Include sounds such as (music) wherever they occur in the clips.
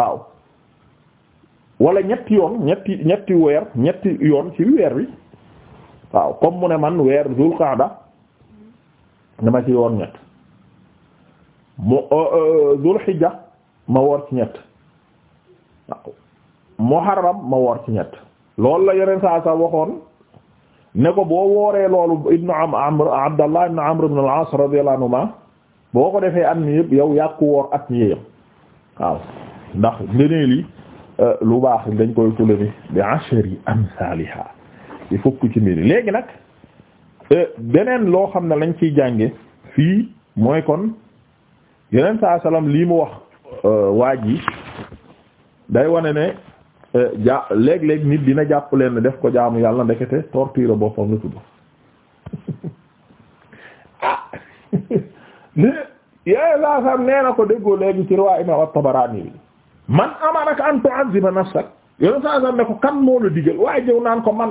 waaw wala ñetti yoon ñetti ñetti weer ñetti yoon ci weer wi waaw comme mu ne man weer zul qaada dama ci woor ñett mu euh, euh, zul xijja ma woor ci ñett muharram ma woor ci ñett loolu la yeneen saa sa waxoon ne ko boo wooree loolu ibnu am amr abdallah ibnu amr ibnu al-aas radiyallahu boo ko defee at mi yëpp yow yàqu woor at mi yëpp waaw ndax ngëneeli euh, lu baax dañ koy tulami bi ashri amsaliha yi fukk ci mbiri léegi nag euh, beneen loo xam ne lañ ciy jànge fii mooy kon yeneen saa salaam lii mu wax euh, waaj yi day wane ne ja léeg-léeg nit dina jàpp leen def ko jaamu yàlla ndekete torture boppam la tudd (laughs) ah li yeneen saa salaam nee na ko déggoo léegi ci riwaa imam at-Tabarani bi man amaraka an tu'azziba nafsak yonen saa sax ne kan moo la digal waaye jëw naan ko man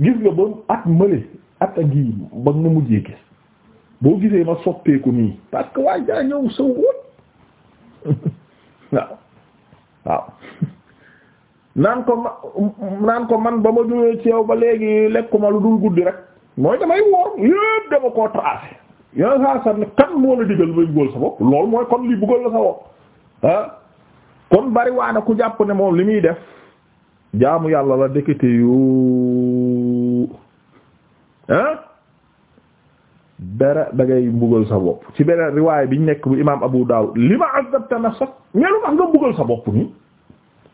gis nga ba at mële at a ngi ba nga mujjee gis boo gisee ma soppeeku nii parce que waaye jaa ñëw sëw woon naan ko ma naan ko man ba ma jógee ci yow ba léegi lekkuma lu dul guddi rek mooy damay woor yépp dama koo tracé yoneen saa sax ne kan moo la digal bay góol sa bopp loolu mooy kon li bëggal la sa bopp kon bariwaana ku jàpp ne moom li muy def jaamu yàlla la dëkkate yu ah dara da ngay sa bopp ci beneen riwaay biñ nekk bu imaam Abu Dawud li ma azabta nafsak ñelu wax nga mbugal sa bopp nii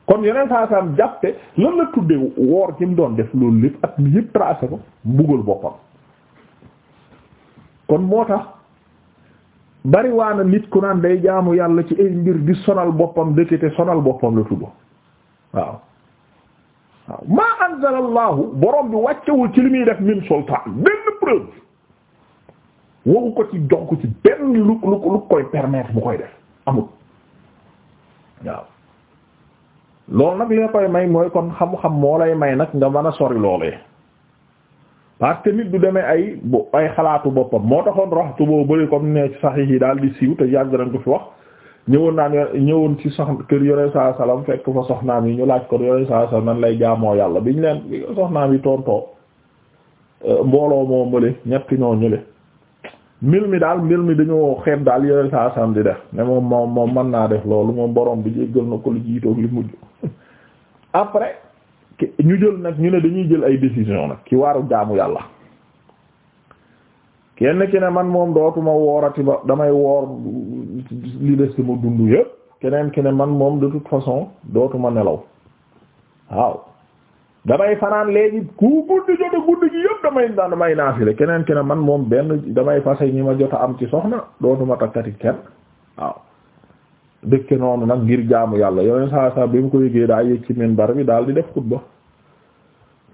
kon yeneen saa saam jàppe lan la tudde woor ci mu doon def loolu lépp ak li yëpp tracé ko mbugal boppam kon moo tax bariwaana nit ku naan day jaamu yàlla ci ay mbir di sonal boppam dëkkate sonal boppam la tudd waaw waaw maa anzala allahu bi wàccewul ci li muy def min sultaan benn preuve waxu ko ci jox ci benn lu lu lu koy permettre bu koy def amul waaw loolu nag li koy may mooy kon xam-xam moo lay may nag nga mën a sori loolee parce que nit du demee ay ay xalaatu boppam moo taxoon raxtu boo bëri comme ne saxiix yi daal di siiw te yàgg nañ ko fi wax ñëwoon naan ñëwoon ci sax kër yore saa salaam fekk fa soxnaam yi ñu laaj ko yore saa salaam nan lay jaamoo yàlla biñ leen soxnaam yi tontoo euh, mbooloo moo mële ñett ñoo ñële mbir mi daal mbir mi dañoo xeeb daal yore saa di def ne moom moom moom mën naa def loolu moom borom bi jéggal na ko lu jiitoog li mujj (laughs) après. ñu jël nag ñu ne dañuy jël ay décision nag ki waaru jaamu yàlla kenn ki ne man moom dootuma woorati ba damay woor li des sama dund yëpp keneen ki ne man moom de toute façon dootuma nelaw waaw damay fanaan léegi ku guddi jot a guddi gi yëpp damay damay naafile keneen ki ne man moom benn damay fase ñi ma jot a am ci soxna dootuma takkati kenn waaw dëkke noonu nag ngir jaamu yàlla yoneen saa saa bi mu ko yëgee daal yëg ci minbar bi daal di def xutba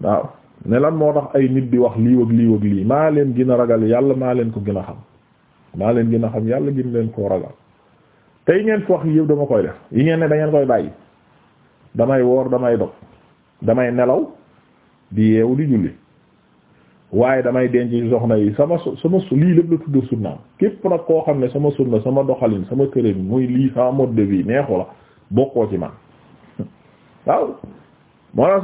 waaw ne moo tax ay nit di wax lii ak lii ak lii maa leen gën a ragal yàlla maa leen ko gën a xam maa leen gën a xam yàlla gën leen koo ragal tey ngeen fi wax yëpp dama koy def yi ngeen ne da koy bàyyi damay woor damay dog damay nelaw di yeewu di julli waaye damay denc ci soxna yi sama sama lii lépp la tudd sunnaam képp nag koo xam ne sama sunna sama doxalin sama këram muy lii sama mode de vie neexu la bokkoo ci man (laughs) waaw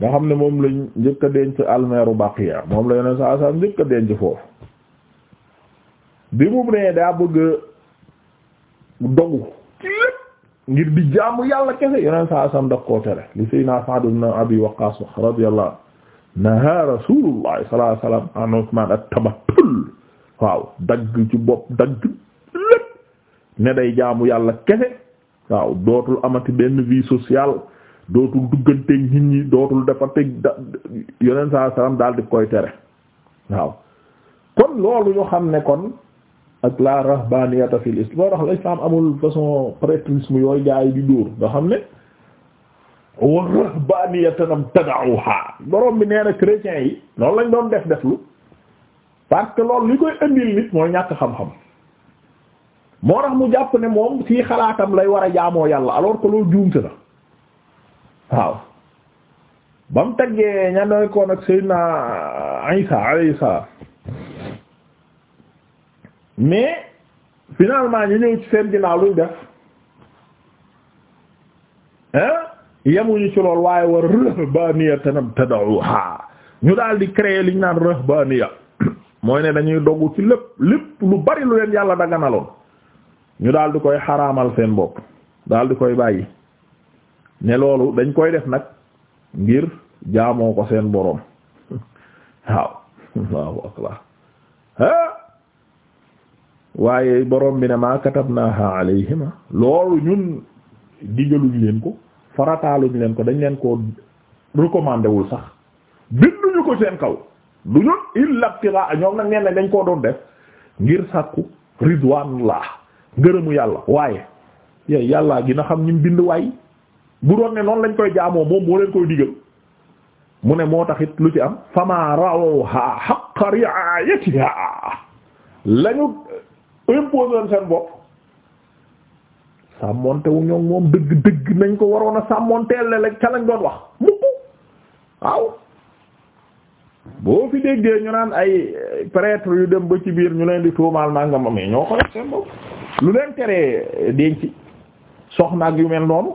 ah, xam ne moom lañ njëkk a denc almeeru Baqiya moom la yeneen saa saa njëkk a denc foofu bi mu nee daa bëgg dogu lépp ngir di jaamu yàlla kese yeneen saa sam daf koo tere li sayna Sa'd ibn Abi Waqqas radiyallahu naha rasulullahi sallallahu alayhi wasallam an at-tabattul waaw dagg ci bopp dagg lépp ne day jaamu yàlla kese waaw dootul amati benn vie sociale dootul dugganteeg nit dootul dafa teg da yeneen saa sallam daal di koy tere waaw kon loolu ñu xam ne kon ak la rahbaniyata fil islam amul façon prêtrisme yooyu gaa yi di dóor nga xam ne wa rahbaniyatanam tada'uha borom bi nee na yi noonu lañ doon def def parce que loolu li koy indil nit mooy ñàkk xam-xam moo tax mu jàpp ne moom ci xalaatam lay war a jaamoo yàlla alors que loolu juumte na waaw ba mu taggee ña ak Seydina mais finalement ñu ñëw ci seen ginnaaw luñ def hein yemuñu ci lool waaye war rahbaniya tanab tadawuha ñu daal di créer liñ naan rahbaniya mooy ne dañuy dogg ci lépp lépp lu bari lu leen yàlla daganaloon ñu daal di koy xaraamal seen bopp daal di koy bàyyi ne loolu dañ koy def nag ngir jaamoo ko seen boroom (laughs) waaw allahu akbar ha waaye boroom bi ne maa katabnaaha alayhima loolu ñun digaluñ leen ko farataaluñ leen ko dañ leen ko recommandé wul sax binduñu ko seen kaw du ñun illa ibtiraa ñoom nag nee dañ koo doon def ngir sàkku ridwaanullah ngërëmu yàlla waaye yooyu yàllaa gi xam ñim bind waay bu doon ne noonu lañ koy jaamoo moom moo leen koy digal mu ne moo taxit lu ci am famaa rawha lañu imposé woon seen bopp sàmmonte wu ñoom moom dëgg dëgg nañ ko waroon a sàmmonteel la ca lañ doon wax mukk waaw boo fi déggee ñu naan ay prêtre yu dem ba ci biir ñu leen di tuumaal naa nga ma ñoo ko def seen bopp lu leen teree denc soxna yu mel noonu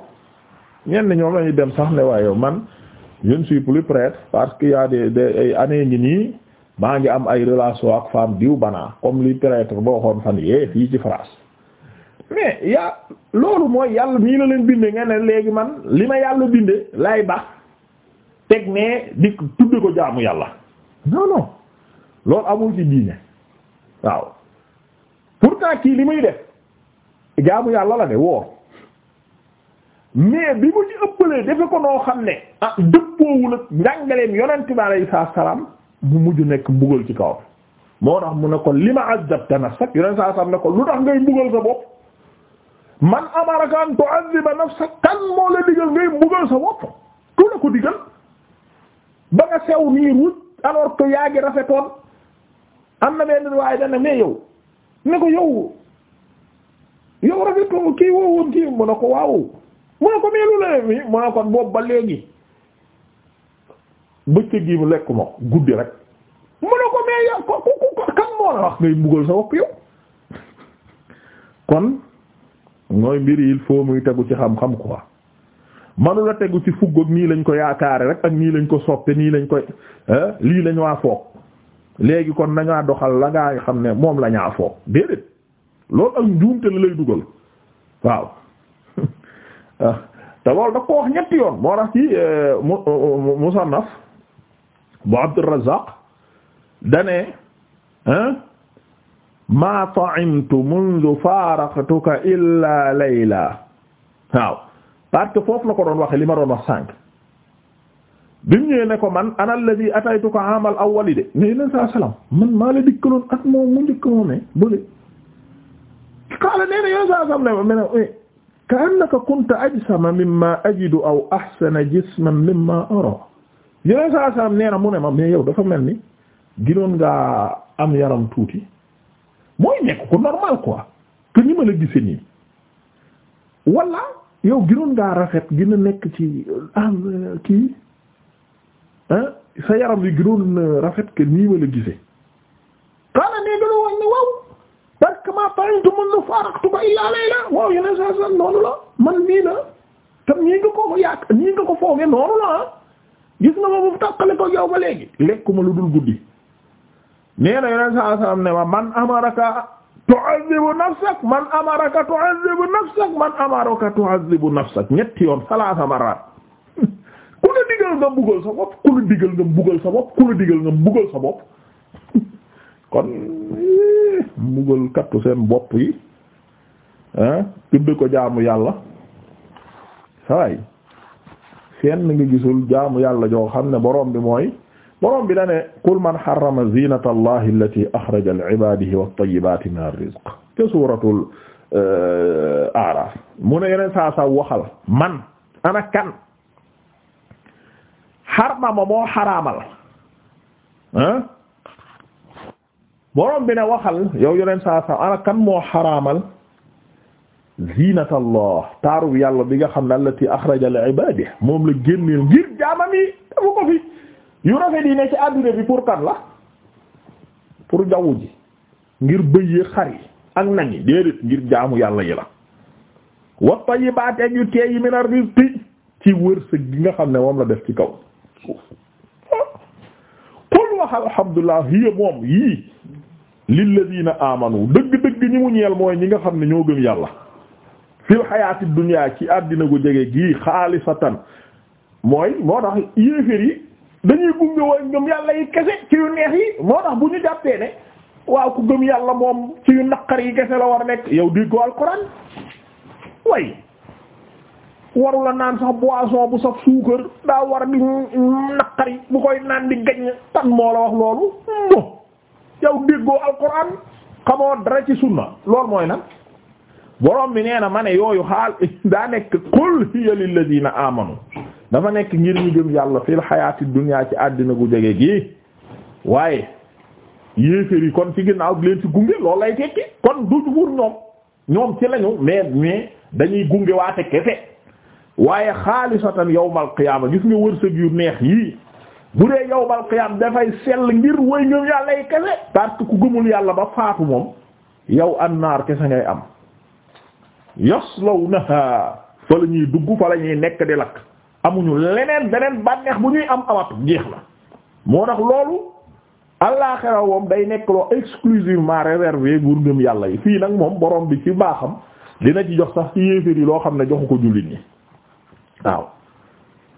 ñenn ñoom lañuy dem sax ne waaye man je ne prêtre parce que y a des des années ngi nii maa ngi am ay relation ak femme diw banaa comme li prêtre boo xoon fan yee fii ci France mais yaa loolu mooy yàlla nii la leen bindee nga ne léegi man li ma yàlla bindee lay baax teg nee di tudde ko jaamu yàlla non non loolu amul ci diine waaw pourtant kii li muy def jaamu yàlla la de woor mais bi mu ci ëppalee defe ko noo xam ne ah dëppoowul ak njàngaleem yonent bi alayhi salaam mu mujj nekk mbugal ci kaw moo tax mu ne ko lima azabta nafsak yoneen saa sam ne ko lu tax ngay mbugal sa bopp man amaraka an tu'azziba nafsak kan moo la digal ngay mbugal sa bopp tu la ko digal ba nga sew nii ruuj alors que rafetoon am na benn waaye dana mais yow ne ko yow yow rafetoo kii woowoon kii mu ne ko waaw mu ne ko meelu la mi mu ne ko boobu ba léegi bëccëg yi mu lekk ma guddi rek mu ne ko mais yow ko ko ko kan moo la wax ngay mbugal sa bopp yow kon mooy mbir yi il faut muy tegu ci xam-xam quoi manula tegu ci fugg ak nii lañ ko yaakaare rek ak nii lañ ko soog te nii lañ koy lii lañ waa foog léegi kon nañaa doxal la ngaa xam ne moom la ñaa foog déedéet loolu ak njuumte la lay dugal waaw (laughs) ah. te loolu da ko wax ñetti yoon moo tax ci eh, musannaf bu Abdurrazzaq dane ma ta'imtu mundu faraqtuka illa layla waaw parce que foofu la ko doon waxe li ma doon wax sànq bi mu ñëwee ne ko man ana alladhi ataytuka amal awwali de mais leen saa salaam man maa la dikkaloon ak moom mu njëkk moom ne bële qaala nee na yoon saa salaam ne ma me ne ka annaka kunta ajsama mimma ajidu aw ahsana jisman mimma ara yeneen saa saa mu ne ma mais yaw dafa mel ni ginoon ngaa am yaram tuuti mooy nekk ko normal quoi que ni ma la gisee nii wala yow ginoon ngaa rafet gën nekk ci euh, am euh, kii sa yaram yi ginoon euh, rafet que nii ma la gisee. xanaa nee dina wax ne waaw parce que maa pare te mën na faaratu illaa layla waaw yeneen saa noonu la man nii la tam nii nga ko yaa nii nga ko foogee noonu la ah. gis na ma bu tàqale ko yow ba léegi lekkuma lu dul guddi nee na yoneen saa salaam ne ma man amaraka tu'azzibu nafsak man amaraka tu'azzibu nafsak man amaraka tu'azzibu nafsak ñetti yoon salaasa maraat (laughs) ku la digal nga mbugal sa bopp ku la digal nga mbugal sa bopp ku la digal nga mbugal sa bopp (laughs) kon mbugal kattu seen bopp yi ah tudde ko jaamu yàlla saay fenn nga gisul jaamu yàlla joo xam ne borom bi mooy borom bi da ne qul man harrama zinata allahi allati axraja li ibadihi wat-tayyibati min ar-rizq te suuratul euh, a'raf mu ne yeneen saa saa waxal man ana kan harrama moo xaraamal ah borom bi ne waxal yow yeneen saa saa ana kan moo xaraamal zinatallah taaru yàlla bi nga xam ne allati axraja li ibaadihi moom la génneel ngir jaamam yi dafa ko fi yu rafet yi ne ci àdduna bi pour kan la pour jaww ji ngir bëyee xar yi ak nag yi ngir jaamu yàlla yi la wa tayyibaat ak yu tee yi mina rizqi ci wërsëg gi nga xam ne moom la def ci kaw qul wax alhamdulillah hiya moom yii lilladina amanu dëgg-dëgg ñi mu ñeel mooy ñi nga xam ne ñoo gën yàlla fil xayaati dunya ci àddina gu jege gii xaalisatan mooy moo tax yéeféer yi dañuy gunge woon ngëm yàlla yi kese ci yu neex yi moo tax bu ñu jàppee ne waaw ku gëm yàlla moom ci yu naqar yi kese la war a nekk yow déggoo alxuraan way waru la naan sax boisson bu saf suukar daa war di naqari bu koy naan di gañ tan moo la wax loolu mo yow déggoo alxuraan xamoo dara ci sunna lool mooy nag borom bi nee na ma ne yooyu xaal (laughs) daa nekk qul hiya lilladina amanu dafa nekk ngir ñu gëm yàlla fil xayaati dunya ci àddina gu jege gi waaye yéeféer yi kon ci ginnaaw bi leen ci gunge loolu lay tekki kon du wur ñoom ñoom ci lañu mais mais dañuy gunge waate kese waaye xaalisatan yawmal qiyaama gis nga wërsëg yu neex yii bu dee yawmal qiyaam dafay sell ngir way ngëm yàlla yi kese parce que ku gëmul yàlla ba faatu moom yow annaar kese ngay am yaslawnaha fa la ñuy dugg fa la nekk di lakk amuñu leneen beneen bànneex bu ñuy am amatu jeex na moo tax loolu àllaaxira woom day nekk loo exclusivement réservé pour ngëm yàlla yi fii nag moom borom bi ci baaxam dina ci jox sax ci yéeféer yi loo xam ne joxu ko jullit ñi waaw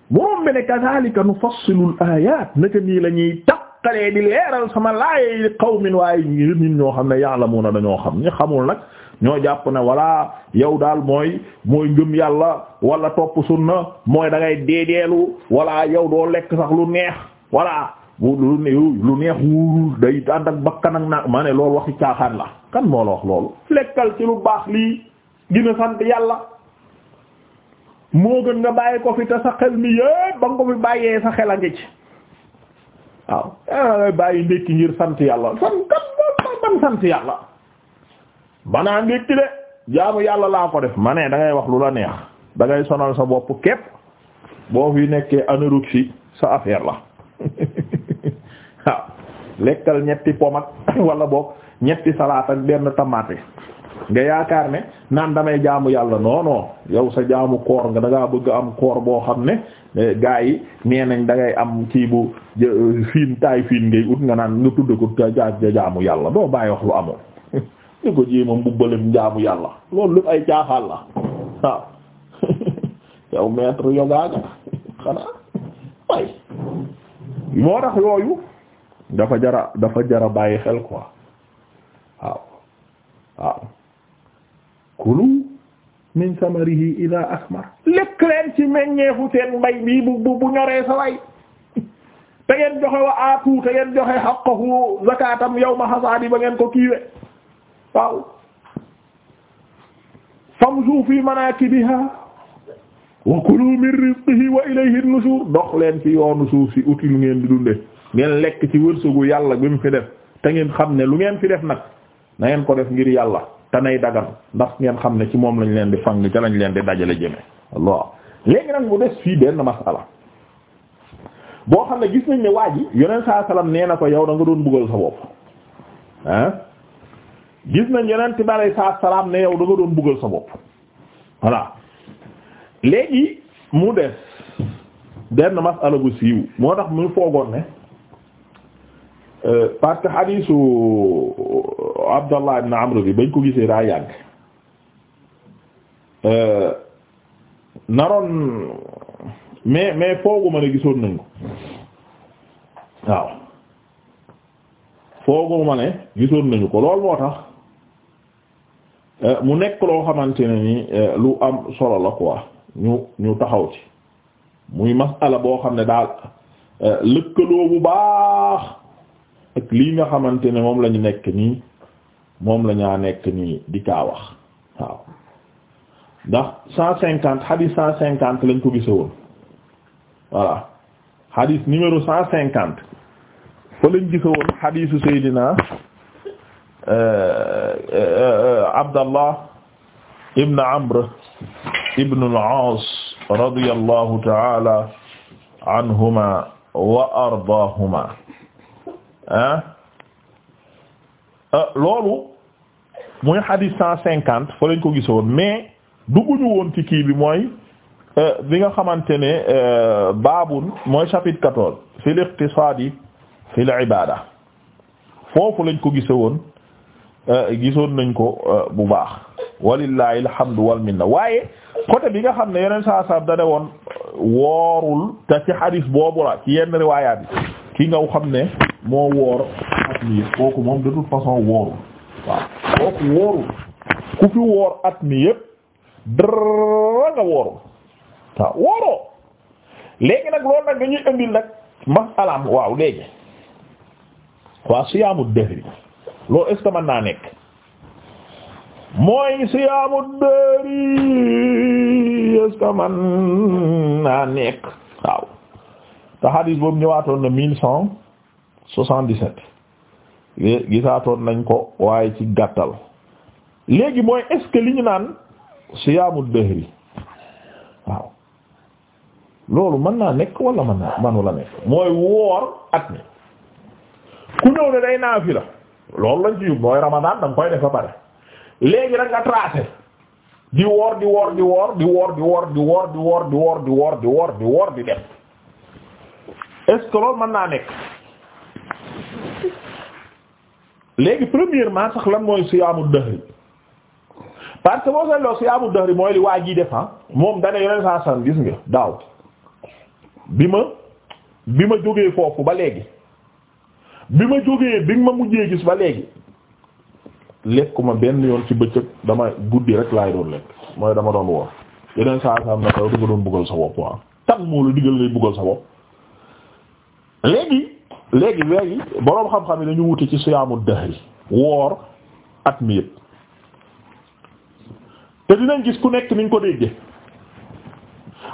borom bi ne kadhalika nufassilu al-ayat naka nii la ñuy taqalee di leeral sama laay qawmin waaye ñun ñoo xam ne ya'lamuna dañoo xam ñi xamul nag. ñoo jàpp na walaa yow daal mooy mooy ngëm yàlla wala topp sunna mooy dangay ngay deedeelu wala yow doo lekk sax lu neex wala lu lu neex wu day ànd ak bakkan ak naa maa ne loolu waxi caaxaan la kan moo la wax loolu lekkal ci lu baax lii gën a sant yàlla moo gën nga bàyyi ko fi te sa xel mi yépp ba nga ko fi bàyyee sa xel a ngi ci waaw eh, bàyyi ndékki ngir sant yàlla sant kan moo ban sant yàlla manaa ndékki de jaamu yàlla laa ko def ma ne dangay wax lu la neex dangay sonal sa bopp képp boo fi nekkee anorexie sa affaire la (laughs) waaw lekkal ñetti pomat (laughs) wala boog ñetti salaat ak benn tamaate nga yaakaar ne naan damay jaamu yàlla non yow sa jaamu koor nga da bëgg am koor boo xam ne eh, gaa yi nee nañ da ngay am kii bu eh, fiin taay fiin ngay ut nga naan nga tudd ko ja jaamu yàlla doo bàyyi wax lu amul (laughs) di ko jéema mbubbalem njaamu yàlla loolu lépp ay caaxaan la waaw (laughs) yow maître yogaaga xanaa way moo tax yooyu dafa jara dafa jara bàyyi xel ko waaw waaw kulu min samarihi ila asmar lekk leen ci meññeefu seen mbay bi bu bu ñoree sa way (laughs) te ngeen joxe wa aatu te ngeen joxe haqqahu zakatam yawma hasadi ba ngeen ko kiiwe waaw famshu bi manakibiha wa kulu min rizqihi wa ilayhi nushur dox leen ci yoonu suuf si uti lu ngeen di dunde ngeen lekk ci wërsëgu yàlla bi mu fi def te ngeen xam ne lu ngeen fi def nag na ngeen ko def ngir yàlla te nay dagan ndax ngeen xam ne ci moom lañ leen di fang ca lañ leen di dajale jëme Allah léegi nag mu des fii benn masala boo xam ne gis nañ ne waa ji yoneen saa salaam nee na ko yow danga doon buggal sa bopp gis nañ yeneen ci balay saa salaam ne yow da doon buggal sa bopp voilà léegi mu des benn masala bu siiw moo tax mu foogoon ne euh, parce que xadiisu euh, bi bañ ko gisee daa yàgg euh, naroon mais mais fooguma ne gisoon nañ ko waaw ma ne gisoon nañu ko lool moo tax Euh, mu nekk loo xamante ne ni euh, lu am solo la quoi ñu ñu taxaw ci muy masala boo xam ne daal euh, lëkkaloo bu baax ak lii nga xamante ne moom la ñu nekk nii moom la ñaa nekk nii di kaa wax waaw ndax cent cinquante hadith cent cinquante lañ ko gise woon voilà hadith numéro cent cinquante fa lañ gise woon hadithu Seydina Abdallah ibn Amr ibn al-Aas radiyallahu ta'ala anhuma wa ardaahuma ah loolu muy hadith cent cinquante fa lañ ko gisoon mais dugguñu woon ci kii bi mooy euh, bi nga xamante ne euh, baabun mooy chapitre quatorze fil iqtisaadi fil ibaada foofu lañ ko gisoon Euh, gisoon nañ ko euh, bu baax walillahi alhamdu wal minna waaye côté bi nga xam ne yeneen saa saa dane woon euh, woorul te ci hadis boobu la ci yenn riwaayaat yi ki nga xam ne moo woor at mi yëpp kooku moom de toute façon woorul waaw kooku woorul ku fi woor at mi yëpp dara nga woorul waaw wooroo léegi nag loolu nag dañuy indil nag masalaam waaw léegi waa siyaamu dëhri loolu est-ce naa nekk mooy siyaamu dëri est-ce naa nekk waaw te hadis boobu ñëwaatoon na mille cent soixante-dix-sept gisaatoon nañ ko waaye ci gàttal léegi mooy est li ñu naan siyaamu dëri waaw loolu mën naa nekk wala mën naa mënu la nekk mooy woor at mi ku ñëw ne day naafila loolu lañ ci yóbbu mooy Ramadan da koy def ba pare léegi nag nga tracé di woor di woor di woor di woor di woor di woor di woor di woor di woor di woor di est-ce que loolu man naa nekk léegi premièrement sax lan mooy siyaamu dahri parce que boo si siyaamu dahri mooy li waa ji def moom dana yeneen saa san gis nga daaw bi ma bi ma jógee foofu ba léegi. bi ma jógee bi ma mujjee gis ba léegi lekkuma benn yoon ci bëccëg dama guddi rek laay doon lekk mooy dama doon woor yeneen saa saa am na kaw du ko doon buggal sa bopp waa ah. tan moo la digal ngay buggal sa bopp léegi léegi léegi boroom xam-xam yi dañu wuti ci siyaamu dahri woor at mi yëpp te dinañ gis ku nekk niñ ko déggee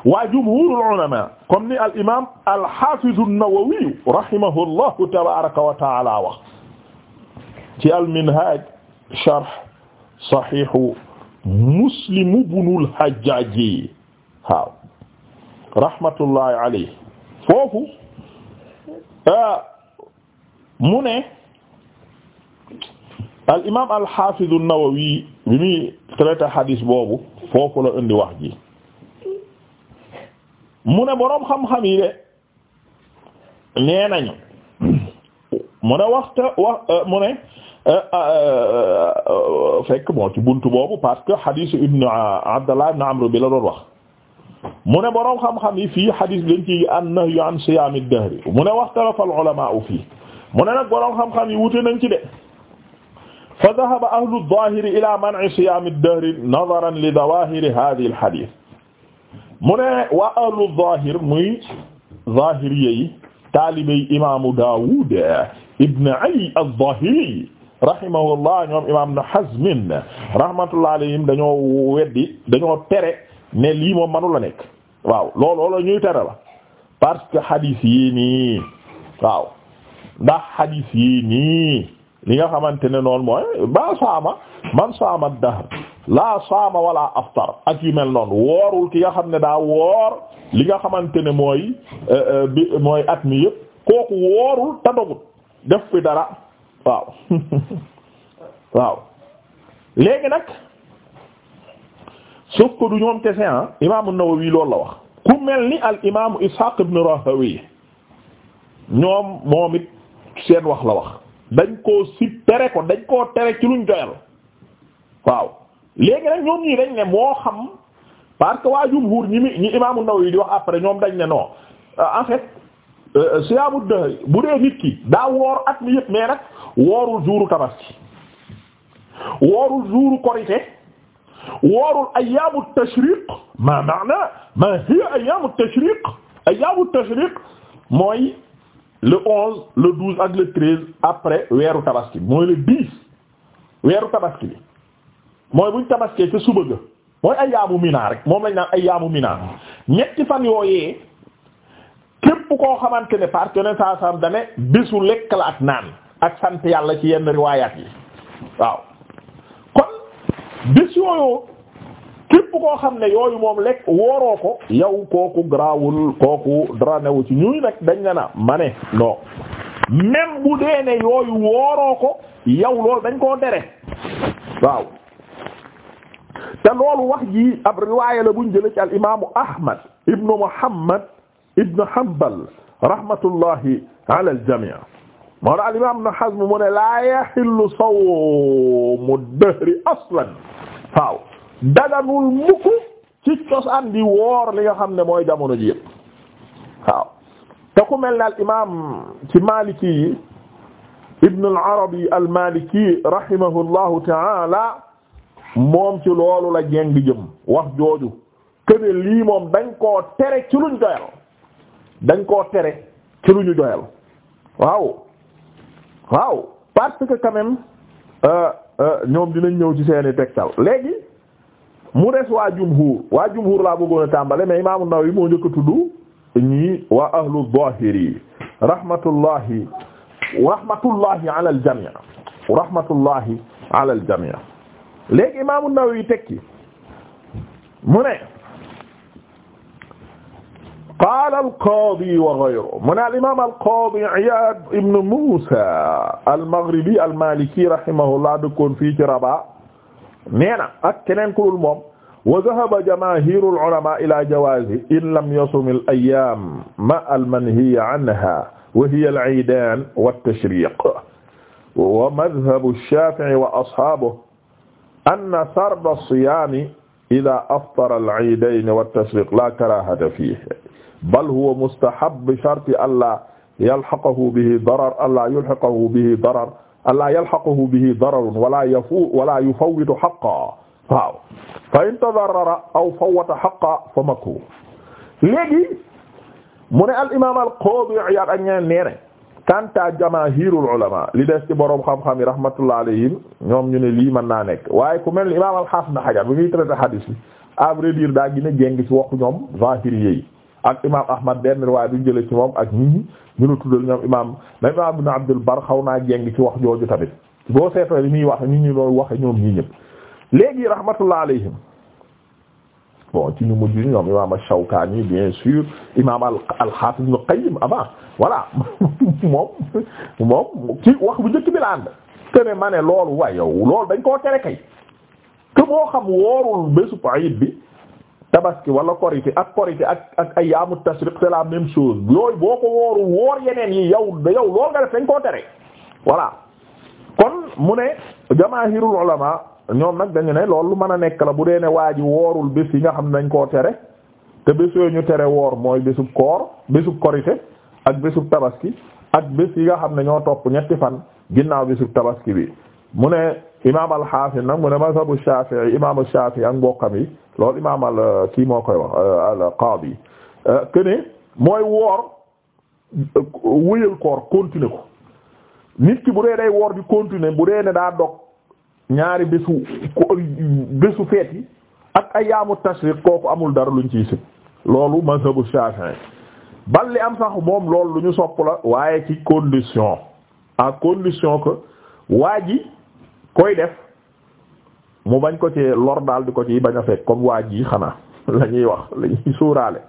waa jumhurul ulama comme ni al imam al hafiz an-Nawawi rahimahullahu tabaraka wa taala wax ci al minhaj sharh sahih muslim ibn al hajjaj waaw rahmatullahi alayhi foofu ah, mu ne al imam al hafiz an-Nawawi bi muy traité hadis boobu foofu la indi wax ji mu ne boroom xam-xam yi de nee nañu mu ne waxta wax euh, mu ne euh, euh, fekk bon ci buntu boobu parce que xadisu ibnu abdallah ibnu amr bi la doon wax mu ne boroom xam-xam yi fii xadis bi dañ ci an nahyu an siyaami dahri mu ne waxtalafa al ulamaa fii mu ne nag boroom xam-xam yi wute nañ ci de fa dahaba ahlu zahiri ila man'i siyaami dahri nadaran li dawaahiri haadhihi al xadis mu ne waa ahlu zahir muy zahiriya yi taalibey imaamu Daawud ibn Ali az-Zahiri rahimahullah ñoom imaam Ibn Hazm rahmatullah alayhim dañoo weddi dañoo tere ne lii moom manu nekk waaw loolu la ñuy tere la parce que hadith yii nii waaw ndax hadith yii nii li nga xamante ne noonu mooy ba saama man saama dahr laa saama wala aftar ak yu mel noonu woorul ki nga xam ne daa woor li nga xamante ne mooy euh, euh, mooy at mi yëpp kooku woorul ta dogut def fi dara (laughs) waaw léegi nag sauf que du ñoom kese ah imaamu Nawawi loolu la wax ku mel ni al imaamu Ishaq ibn Rahawi ñoom moom it seen wax la wax dañ koo si tere ko dañ koo tere ci luñ joyal waaw léegi nag ñoom ñii dañ ne moo xam parce que waa jumhur ñi mi ñi imaamu di wax après ñoom dañ ne non euh, en fait euh, siyaamu dëhëy bu dee nit ki daa woor at mi yëpp mais nag woorul juuru tabaski woorul juuru korite woorul ayyaamu tashriq ma maana ma hiya ayyaamu tashriq ayyaamu tashriq mooy le onze le douze ak le treize après weeru tabaski mooy le dix weeru tabaski bi mooy buñ tabaskee ca suba ga mooy ayyaamu mina rek moom lañ naan ayyaamu mina ñetti fan yooyee képp koo xamante ne parce que ne saa saam dane bésu lekk la ak naan ak sant yàlla ci yenn riwaayaat yi waaw kon bés yooyu képp koo xam ne yooyu moom lekk wooroo ko yow kooku garaawul kooku dara newu ci ñuy nag dañ ne na ma ne non même bu dee ne yooyu wooroo ko yow loolu dañ koo dere waaw te loolu wax ji ab riwaaya la buñ jëlee ci al imaamu Ahmad ibnu Muhammad ibnu Hanbal rahmatullahi ala al jamii moo daal imaam Ibn Hazm mu ne laa yaxillu sawmu dëhri aslan waaw daganul mukk ci cosaan di woor li nga xam ne mooy jamono ji yëpp waaw te ku mel ne al imaam ci Maliki yi Ibn al Arabi al Maliki rahimahullahu ta'ala moom ci loolu la jeng jëm wax jooju këne lii moom dañ koo tere ci luñ doyal dañ koo tere ci luñu doyal waaw waaw parce que euh, euh, ñoom dinañ ñëw ci seeni tegtal léegi mu des waa jumhur waa jumhur laa bëggoon a tàmbale mais imaamu Nawawi moo njëkk a tudd ñii waa ahlu zahiri rahmatullahi rahmatullahi ala al jami' rahmatullahi ala al jami' léegi imaamu Nawawi tekki mu ne qaala al-qaadi wa ghayruhu mu ne al-imaam al-qaadi Iyaad ibn Muusaa al-Maghribi al-Maaliki rahimahullah dëkkoon fii ci Rabat nee na ak keneen ku dul moom wa dhahaba jamaahiiru al-ulamaa ilaa jawaazihi in lam yasum al-ayyaam ma'a al-manhiyyi anhaa wa hiya al-'iidaan wat-tashriiq wa madhabu ash-Shaafi'i wa ashaabuhu anna sarba siyaami idaa aftara al-iidayni wat-tashriiq laa karaahata fiihi bal huwa mustahab bi sharti allaa yalhaqahu bihi darar allaa yulhiqahu bihi darar allaa yalhaqahu bihi dararun wa laa yafu wa laa yufawwitu haqqahu waaw fa in tadarrara aw fawwata haqqahu fa makruuh léegi mu ne al imaam al qaadi Iyaad ak ñeneen kanta jamaahirul ulama li des ci borom xam-xam yi rahmatullah alayhim ñoom ñu ne lii mën naa nekk waaye ku mel ni imaam al-Hafiz Ibn Hajar bi a traité hadith bi à vrai dire daa gën a jéng ci waxu ñoom zahiriyya yi ak imaam Ahmad benn riwaaya du jëlee ci moom ak ñi ñu la tuddal ñoom imaam na imaam Ibn Abdul Barr xaw naa jéng ci wax jooju tamit boo seetoo li muy wax ñu ñu doon waxe ñoom ñii ñëpp léegi rahmatullah alayhim bon ci ñu mujj ñoom imaam ash-Shawkani bien sûr imaam al al voilà (laughs) moom moom ci wax bu njëkk bi la ànd te ne ma ne loolu waay yow loolu dañ koo tere kay que moo xam woorul bésu ayib bi tabaski wala korité ak korité ak ak ay yaamu tashriq c'est la même chose yooyu boo ko woorul woor yeneen yi yow yow loolu nga def dañ koo tere voilà kon mu ne jamaahirul ulama ñoom nag dañu ne loolu lu mën a nekk la bu dee ne waa ji woorul bés yi nga xam ne dañ koo tere te bés yooyu ñu tere woor mooy bésu koor bésub korité ak bésu tabaski ak bés yi nga xam ne ñoo topp ñetti fan ginnaaw bésub tabaski bi mu ne imaam al-Hafiz nag mu ne mazhabu Shafi'i imaamu Shafi'i ak mbokkam yi loolu imaam al kii moo koy wax al-Qadi que ne mooy woor wëyal koor continuer ko nit ki bu dee day woor di continuer bu dee ne daa dog ñaari bésu bésu feet yi ak ayyaamu tashriq kooku amul dara luñ ciy sib loolu mazhabu Shafi'i bal li am saxu moom loolu lu ñu sopp la waaye ci condition à condition ko waa ji koy def mu bañ ko ci lor daal di ko ci bañ a fekk comme waa ji xanaa (laughs) la ñuy wax la ñuy suuraale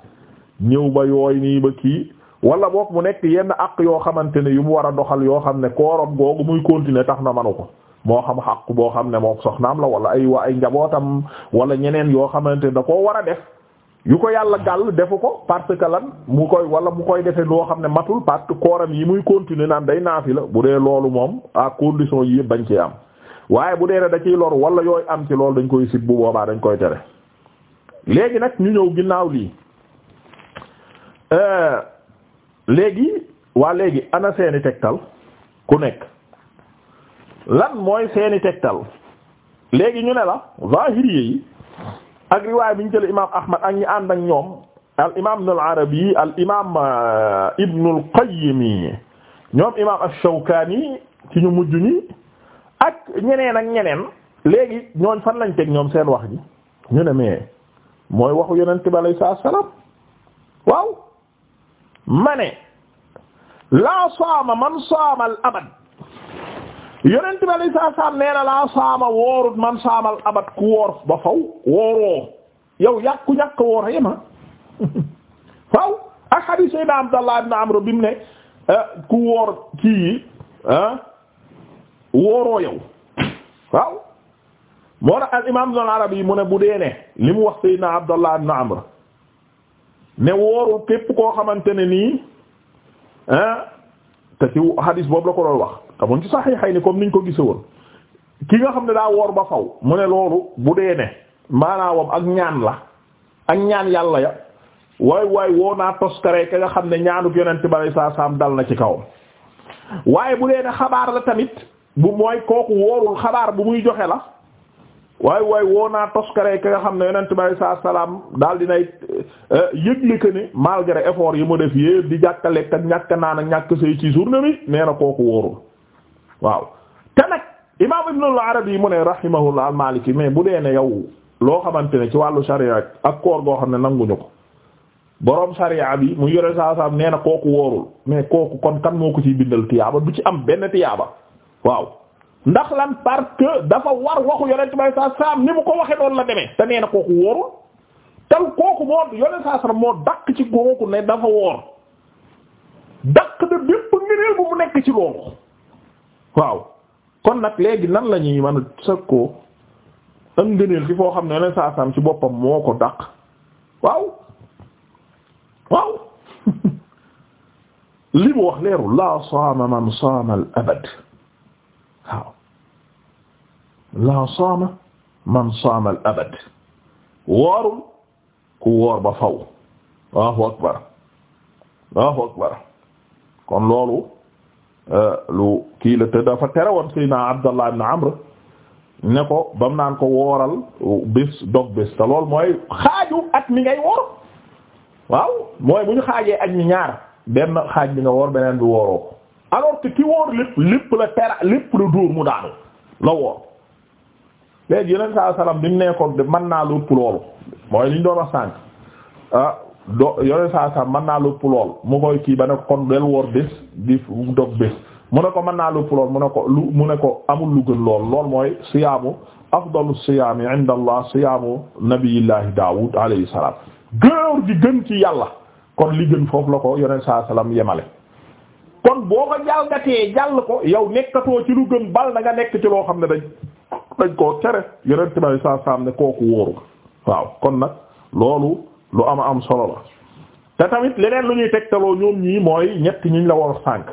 ñëw ba yooy nii ba kii walla boog mu nekk yenn àq yoo xamante ne yu mu war a doxal yoo xam ne kooram googu muy continuer tax na manu ko moo xam àq boo xam ne moom soxnaam la wala ay wa ay njabootam wala ñeneen yoo xamante da koo war a def yu ko yàlla gàll defu ko parce que lan mu koy wala mu koy defee loo xam ne matul parce que kooram yi muy continuer naan day naafi la bu dee loolu moom à condition yi yëpp bañ ci am waaye bu dee da ciy lor wala yooyu am ci loolu dañ koy sib bu boobaa dañ koy tere léegi nag ñu ñëw ginnaaw lii euh, léegi waa léegi ana seeni tegtal ku nekk lan mooy seeni tegtal léegi ñu ne la zahiri yi ak riwaay bi ñu jëlee imaam Ahmad ak ñi ànd ak ñoom al imaam Ibn al Arabi al imaam uh, Ibn al Qayyim ñoom imaam ash-Shawkani ci ñu mujj ñi ak ñeneen ak ñeneen léegi ñooñ fan lañ teg ñoom seen wax ji ñu ne mais mooy waxu yonent bi alayhi salaam waaw mane ne laa saama man saama al abad yonent bi alay saa saam laa saama woorut man saamal abat ku woor ba faw wooroo yow yàqu ñàkk woor yema ah. (laughs) faw ak xadiis Seydina Abdallah ibn Amr ne eh, ku woor kii ah wooroo yow waaw moo al imaam Ibn Arabi mu ne bu dee ne li mu wax Seydina Abdallah ne woorul képp koo xamante nii ah te ci hadis boobu la ko doon wax te mun ci Sahihayni comme niñ ko gise woon ki nga xam ne daa woor ba faw mu ne loolu bu dee ne maanaawam ak ñaan la ak ñaan yàlla ya waay waay woo naa toskaree ka nga xam ne ñaanuk yonent balay saa saam dal na ci kawam waaye bu dee ne xabaar la tamit bu mooy kooku woorul xabaar bu muy joxe la waaye waay woo naa toskare ki nga xam ne yonent bi saa salaam daal dinay eh, yëgle que ne malgré effort yi mu def yépp di jàkkale kat ñàkk naan ak ñàkk sëy ci journée na nee na kooku wóorul waaw te nag imaam Ibn al-Arabi yi mu ne rahimahullah al-Maliki mais bu dee ne yow loo xamante ne ci wàllu sariya ak koor goo xam ne nanguñu ko boroom sariya bi mu yore saa salaam nee na kooku wóorul mais kooku kon kan moo ko ciy bindal tiyaaba bu ci am benn tiyaaba waaw ndax lan parce que dafa war waxu yonent bay saam ni mu ko waxee noonu la demee te nee na kooku wóorul tam kooku moo yonent saa saam moo dàq ci kooku ne dafa wóor dàq na bépp ngëneel bu mu nekk ci loolu waaw kon nag léegi nan la ñuy mën a sëkkoo am ngëneel ci foo xam ne yonent saa saam ci boppam moo ko dàq waaw waaw (laughs) li mu wax leeru laa saama man saama abad waaw la saama man saama al abad woorul ku woor ba faw Allahu akbar kon loolu euh, lu kii la te dafa tere woon Seydina Abdallah ibn Amr ne ko bam naan ko wooral bés dog bés te loolu mooy xaaju at mi woor waaw mooy bu ñu xaajee at mi ñaar benn xaaj bi nga woor beneen bi wooroo alors que ki woor lépp lépp la tera lépp la dóor mu daanu la woor léegi yeneen saa salaam bi mu nekkoon de mën naa lu ëpp loolu mooy li ñu doon wax sànq ah do yeneen saa salaam mën naa lu ëpp loolu mu koy kii ba ne kon del woor bés di dog bés mu ne ko mën naa lu ëpp loolu mu ne ko lu mu ne ko amul lu gën lool lool mooy siyaamu afdalu siyaami inda allah siyaamu nabiyillahi daawud alayhi salaam góor gi gën ci yàlla kon li gën foofu la ko yeneen saa salaam yemale. kon boo ko jàlgatee jàll ko yow nekkatoo ci lu gën bal na nga nekk ci loo xam ne dañ dañ koo tere yeneen tibay saa saam ne kooku wóoru waaw kon nag loolu lu am am solo la te tamit leneen lu ñuy tegtaloo ñoom ñii mooy ñett ñiñ la war sànk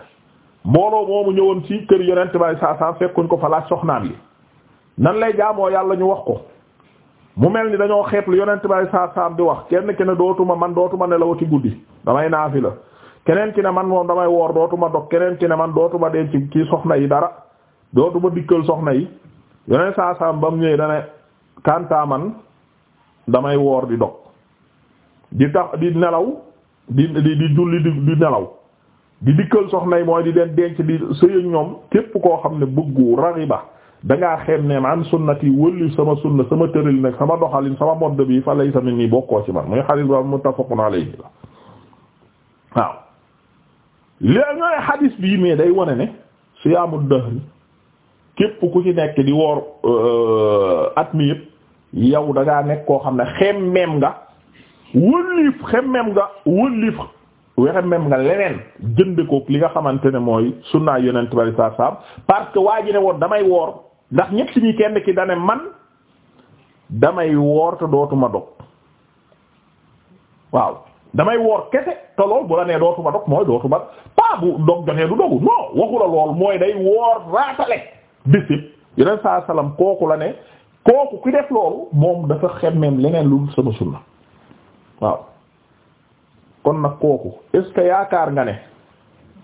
mbooloo moomu ñëwoon ci kër yeneen tibay saa saam fekkuñ ko fa laaj nan lay jaamoo yàlla ñu wax ko mu mel ni dañoo xeeb lu yonent bay saa saam di wax kenn ki ne dootuma man dootuma la ci guddi damay naafi la keneen ki ne man moom damay woor dootuma dog keneen ki ne man dootuma denc ci soxna yi dara dootuma dikkal soxna yi yoneen saa saam ba mu ñëwee dane kantaa man damay woor di dog di tax di nelaw di di di julli di di nelaw di dikkal soxnay mooy di leen denc di sëy ñoom képp koo xam ne bëggu raxiba dangaa xem ne man sunnati wëlli sama sunna sama tërali nag sama doxalin sama modd bi fa lay sama nii bokkoo ci man muy xadis ba muttafaqun alayhi la waaw léegi ñooy xadis bii mais day wone ne siyaamu dahri képp ku ci nekk di woor euh, at mi yëpp yow da nekk koo xam ne xemmeem nga wëlliif xemmeem nga wëlliif wexemmeem nga leneen jënd ko li nga xamante ne mooy sunnaa yonent bari saa parce que waa ji ne woon damay woor ndax ñett ñi kenn ki dane man damay woor te dootuma dog waaw damay woor kese te bu la nee dootuma dog mooy dootuma pas bu dog jotee du dogu non waxu la lool mooy day woor raatale bisit yeneen sa salaam kooku la ne kooku ku def loolu moom dafa xemmeem leneen lu sama sunna waaw kon nag kooku yaakaar nga ne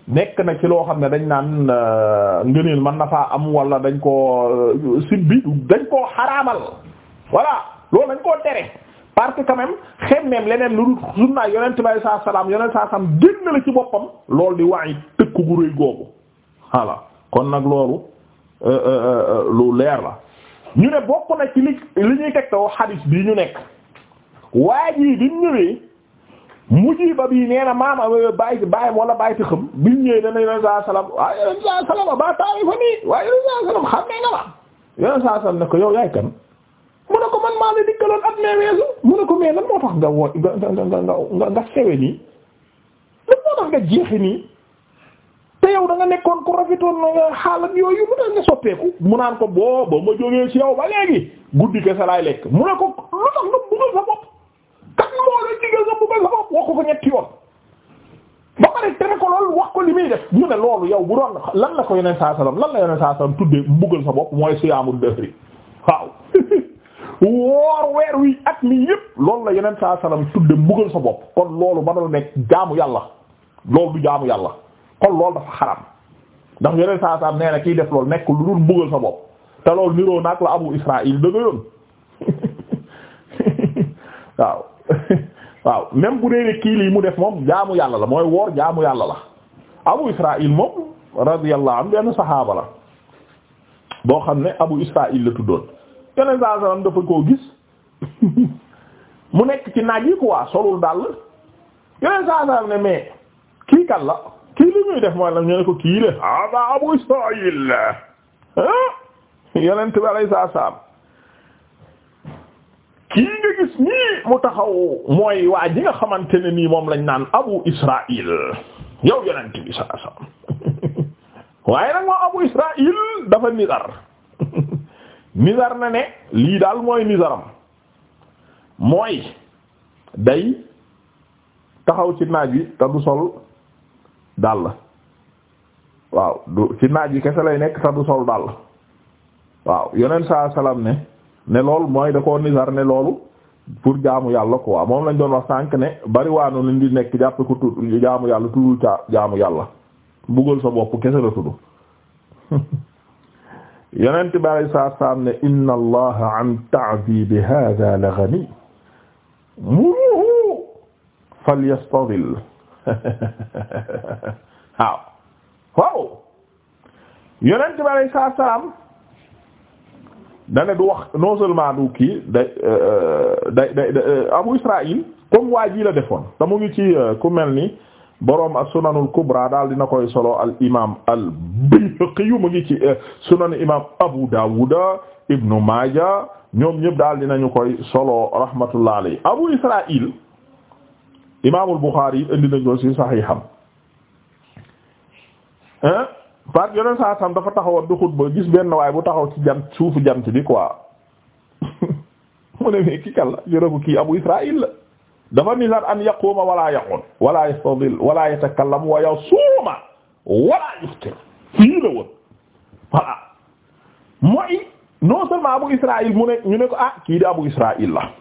nekk na ci loo xam ne dañ naan euh, ngëneel mën na faa am wala dañ koo euh, sibbi dañ koo xaraamal voilà loolu dañ koo que quand même xemmeem leneen lu sunna yonent bi saa salaam yonent saa salaam ci boppam loolu di waaye tëkku gu rëy googu kon nag loolu. Euh, euh, euh, lu leer la ñu ne bokk na ci li li ñuy teg taw xadis bii ñu nekk waa jii bi mu ñëwee mujiba bii nee maama bàyyi bàyyi wala bàyyi ci bi mu ñëwee dana yoneen saa salaam waaw yoneen ba taawi fa nii waaw yoneen saa xam ne nga ma yoneen saa salaam ne ko yow yaay kan mu ne ko man maa la dikkaloon at mee weesu mu ne ko mais lan moo tax nga woo nga nga nga nga sewe nii lan moo tax nga jeexi nii te yow da nga nekkoon ko rafetoon na nga xaalam yooyu lu tax nga soppeeku mu naan ko boo ba ma jógee ci yow ba léegi guddi kese laay lekk mu ne ko lu tax nga buggal sa bopp kat li muy def ñu yow bu doon lan la ko yeneen saa salaam lan la yeneen saa salaam tuddee mbugal mooy siyaamul dëhri waaw (laughs) woor weer wi at mi loolu la yeneen saa salaam tudde mbugal sa bopp kon loolu nekk jaamu yàlla loolu du jaamu yàlla kon loolu dafa xaram ndax yeneen saa saa nee na kiy def loolu nekk lu dul mbugal sa bopp te loolu niroo nag la abu israil da nga yoon (laughs) waaw (laughs) waaw même bu dee ne kii lii mu def moom jaamu yàlla la mooy woor jaamu yàlla la abu israil moom am anhu benn saxaaba la boo xam ne abu israil la tuddoon yeneen saa saa dafa koo gis (laughs) mu nekk ci naaj yi quoi solul dàll yeneen saa saa ne mais kii kan la. kii li ñuy def mooy la ñu ne ko kii le hada Abu Israil yonent bi alay saa kii nga gis nii mu taxaw mooy waa ji xamante ne nii moom lañ naan Abu Israil yow yonent bi saa (laughs) waaye nag moom Abu Israil dafa nizar (laughs) nizar na ne lii daal mooy nizaram mooy day taxaw ci naaj wi te du sol dàll waaw du ci naaj yi kese lay nekk sa du sol dàll waaw yonent saa salaam ne ne loolu mooy da koo nizar ne loolu pour jaamu yàlla quoi moom lañ doon wax sànq ne bari waa lañ di nekk jàppe ko tudd jaamu yàlla tuddul ca jaamu yàlla buggal sa bopp kese la tudd (laughs) yonent bi alay saa salaam ne inna allaha an ta'dibi hadha la ghani muruhu falyastadil (laughs) waaw waaw yonent bi alayhi salaam da ne du wax non seulement du euh, euh, day day day euh, abu israil comme waa ji la defoon te mu ngi ci ku mel ni boroom as-sunanul kubra daal dina koy solo al imaam al bayhaqi yu mu ngi ci sunan imaam abu daawuda ibnu maaja ñoom ñëpp daal dinañu koy solo rahmatullah alayhi abu israil imaamul Buxaari indi nañ ko ci saxiixam parce que yeneen saa sam dafa taxawoon di xutba gis benn waay bu taxaw ci jant suufu jant bi quoi (laughs) mu ne mais ki kal la yore kii Abu Israa'il la dafa nisar an yaquuma wala yaqul wala yastadil wala yatakallam fii la woon mooy non seulement Abu Israa'il mu ne ñu ne ko ah kii di Abu Israa'il la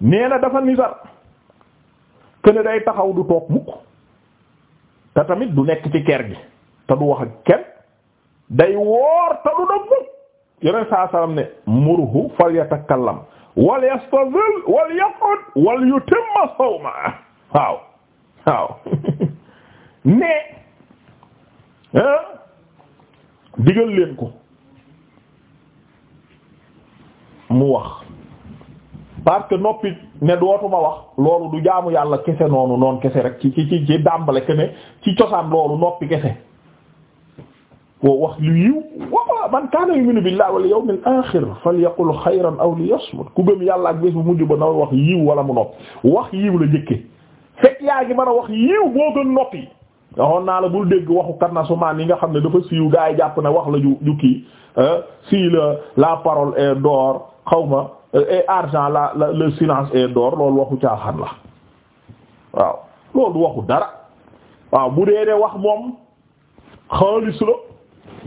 nee na dafa nisar këne day taxaw du toog mukk te tamit du nekk ci ker gi te du wax ak kenn day woor te du dog mukk yeneen saa salaam ne murhu falyatakallam wal yastazil wal yaqud wal yutimma sawma waaw waaw (laughs) ne ah, digal leen ko mu wax parce que noppi ne dootuma wax loolu du jaamu yàlla kese noonu noonu kese rek ci ci ci ci dàmbale que ne ci cosaan loolu noppi kese koo wax lu yiw waaw man kaana yuminu billahi wal yawmil axir falyaqul xayran yàlla ak bu mujj ba na wax yiw wala mu noppi wax yiw la njëkke fekk yaa ngi mën a wax yiw boo gën noppi waxoon naa la bul dégg waxu karnasumaan yi nga xam ne dafa siiw gaa yi jàpp ne wax la ju ju kii eh, sii la la parole est xawma Euh, et argent la la le silence est d'or loolu waxu caaxaan la waaw loolu waxu dara waaw bu dee ne wax moom xaalis la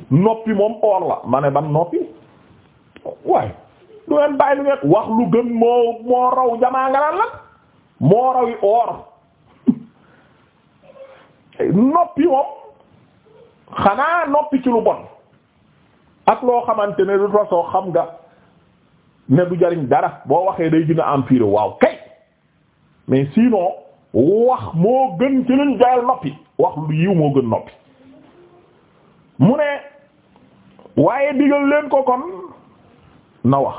noppi moom or la ma ne ban noppi waaye lu ngeen bàyyi lu ngeen wax lu gën moo moo raw jamaa nga lan la moo raw yi (laughs) noppi moom xanaa noppi ci lu bon ak loo xamante ne lu toute façon xam nga. ne du jariñ dara boo waxee day gën a empiré waaw kay mais sinon wax moo gën ci luñ joyal noppi wax lu yiw moo gën noppi mu ne waaye digal leen ko kon na wax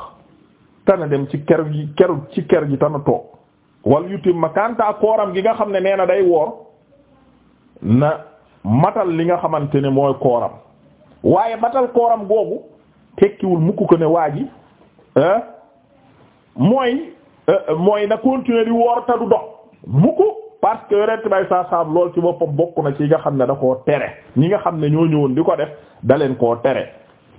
tana dem ci ker gi keru ci ker gi tana toog wal yutim ma kanta kooram gi nga xam ne nee na day woor na matal li nga xamante ne mooy kooram waaye matal kooram googu tekkiwul mukk ko ne waa ji mooy euh, euh, mooy na continuer di woor ta du dox mukk parce que yorent bay saa saab lool ci boppam bokk na ci nga xam ne da koo tere ñi nga xam ne ñoo ñëwoon di ko def da leen koo tere